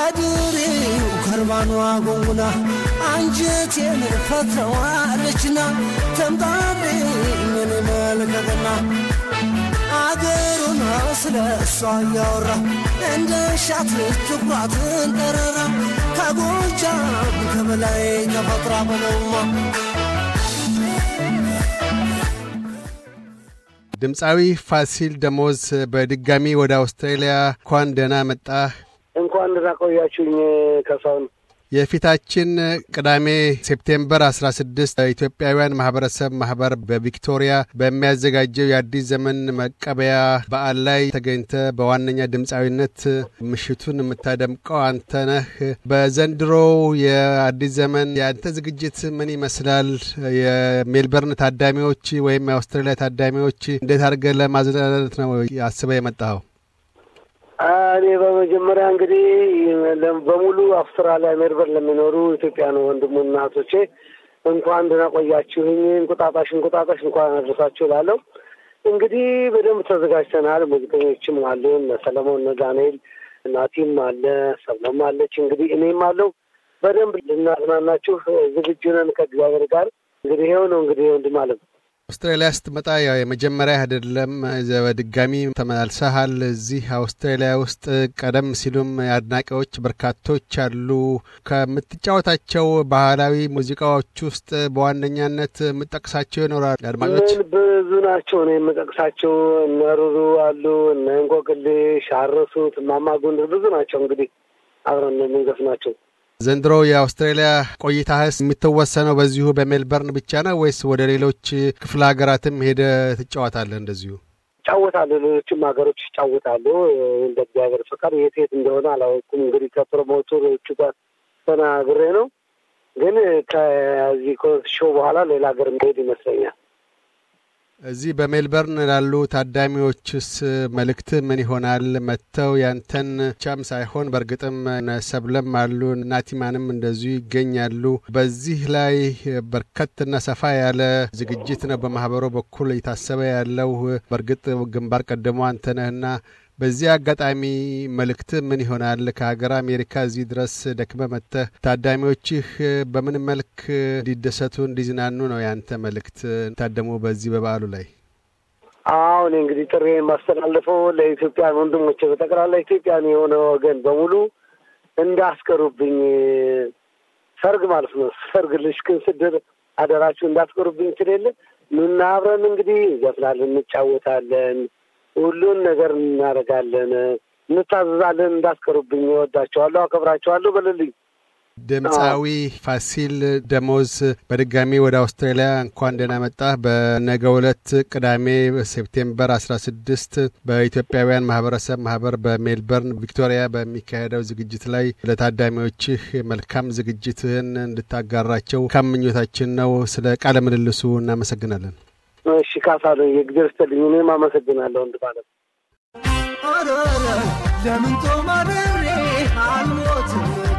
ያድሬው ከርባኗ ጎንጉና አንጀቴን ፈትረዋለችና ተምጣሌ ምን መልከትና አገሩን ስለ እሷ እያወራ እንደ ሻት ትኩራትን ጠረራ ከጎጃም ከበላይ ተፈጥራ በለውማ ድምፃዊ ፋሲል ደሞዝ በድጋሚ ወደ አውስትራሊያ እንኳን ደህና መጣህ። እንኳን ደህና ቆያችሁኝ ከሳሁን። የፊታችን ቅዳሜ ሴፕቴምበር 16 ኢትዮጵያውያን ማህበረሰብ ማህበር በቪክቶሪያ በሚያዘጋጀው የአዲስ ዘመን መቀበያ በዓል ላይ ተገኝተ በዋነኛ ድምፃዊነት ምሽቱን የምታደምቀው አንተ ነህ። በዘንድሮው የአዲስ ዘመን የአንተ ዝግጅት ምን ይመስላል? የሜልበርን ታዳሚዎች ወይም የአውስትራሊያ ታዳሚዎች እንዴት አድርገ ለማዝናናት ነው አስበህ የመጣኸው? እኔ በመጀመሪያ እንግዲህ በሙሉ አውስትራሊያ ሜልበርን ለሚኖሩ ኢትዮጵያን ወንድሙ እናቶቼ እንኳን ደህና ቆያችሁኝ፣ እንቁጣጣሽ እንቁጣጣሽ እንኳን አደረሳችሁ እላለሁ። እንግዲህ በደንብ ተዘጋጅተናል። ሙዚቀኞችም አሉን፣ ሰለሞን ዳንኤል፣ ናቲም አለ፣ ሰብለም አለች፣ እንግዲህ እኔም አለው። በደንብ ልናዝናናችሁ ዝግጁ ነን ከእግዚአብሔር ጋር። እንግዲህ ይኸው ነው እንግዲህ ወንድም አለም አውስትራሊያ ስትመጣ ያው የመጀመሪያ አይደለም፣ በድጋሚ ተመላልሰሃል እዚህ አውስትራሊያ ውስጥ። ቀደም ሲሉም አድናቂዎች በርካቶች አሉ። ከምትጫወታቸው ባህላዊ ሙዚቃዎች ውስጥ በዋነኛነት የምጠቅሳቸው ይኖራል አድማጮች ብዙ ናቸው ነው የምጠቅሳቸው። እነ ሩሩ አሉ፣ እነ እንቆቅልሽ፣ አረሱት፣ እማማ ጉንድር ብዙ ናቸው። እንግዲህ አብረን የምንገፍ ናቸው። ዘንድሮ የአውስትራሊያ ቆይታህስ የሚተወሰነው በዚሁ በሜልበርን ብቻ ነው ወይስ ወደ ሌሎች ክፍለ ሀገራትም ሄደ ትጫወታለህ? እንደዚሁ ይጫወታሉ። ሌሎችም ሀገሮች ይጫወታሉ። እንደ እግዚአብሔር ፈቃድ የት የት እንደሆነ አላወኩም። እንግዲህ ከፕሮሞተሮቹ ጋር ተናግሬ ነው። ግን ከዚህ ሾ በኋላ ሌላ ሀገር መሄድ ይመስለኛል። እዚህ በሜልበርን ላሉ ታዳሚዎችስ መልእክት ምን ይሆናል? መጥተው ያንተን ብቻም ሳይሆን በእርግጥም ሰብለም አሉ፣ ናቲማንም እንደዚሁ ይገኛሉ። በዚህ ላይ በርከትና ሰፋ ያለ ዝግጅት ነው በማህበሩ በኩል እየታሰበ ያለው። በእርግጥ ግንባር ቀደሞ አንተነህና በዚህ አጋጣሚ መልእክት ምን ይሆናል? ከሀገር አሜሪካ እዚህ ድረስ ደክመ መጥተህ ታዳሚዎችህ በምን መልክ እንዲደሰቱ እንዲዝናኑ ነው ያንተ መልእክት ታደሙ በዚህ በበዓሉ ላይ? እኔ እንግዲህ ጥሪ የማስተላልፈው ለኢትዮጵያን ወንድሞች በጠቅላላ ኢትዮጵያን የሆነ ወገን በሙሉ እንዳስቀሩብኝ ሰርግ ማለት ነው። ሰርግ ልሽክን ስድር አደራችሁ እንዳትቀሩብኝ ትሌለ ምናብረን እንግዲህ እንዘፍናለን፣ እንጫወታለን ሁሉን ነገር እናደርጋለን፣ እንታዘዛለን። እንዳስከሩብኝ እወዳቸዋለሁ፣ አከብራቸዋለሁ በልልኝ። ድምፃዊ ፋሲል ደሞዝ በድጋሚ ወደ አውስትራሊያ እንኳን ደህና መጣ። በነገው ዕለት ቅዳሜ ሴፕቴምበር 16 በኢትዮጵያውያን ማህበረሰብ ማህበር በሜልበርን ቪክቶሪያ በሚካሄደው ዝግጅት ላይ ለታዳሚዎችህ መልካም ዝግጅትህን እንድታጋራቸው ከምኞታችን ነው። ስለ ቃለ ምልልሱ እናመሰግናለን። እሺ ካሳ ነው የእግዜር ስጥልኝ። እኔም አመሰግናለሁ። እንድ ማለት ለምን ጦማሬ አልሞት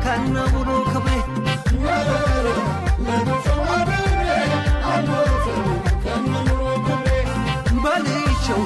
ከነሙሉ ክብሬ በልቸው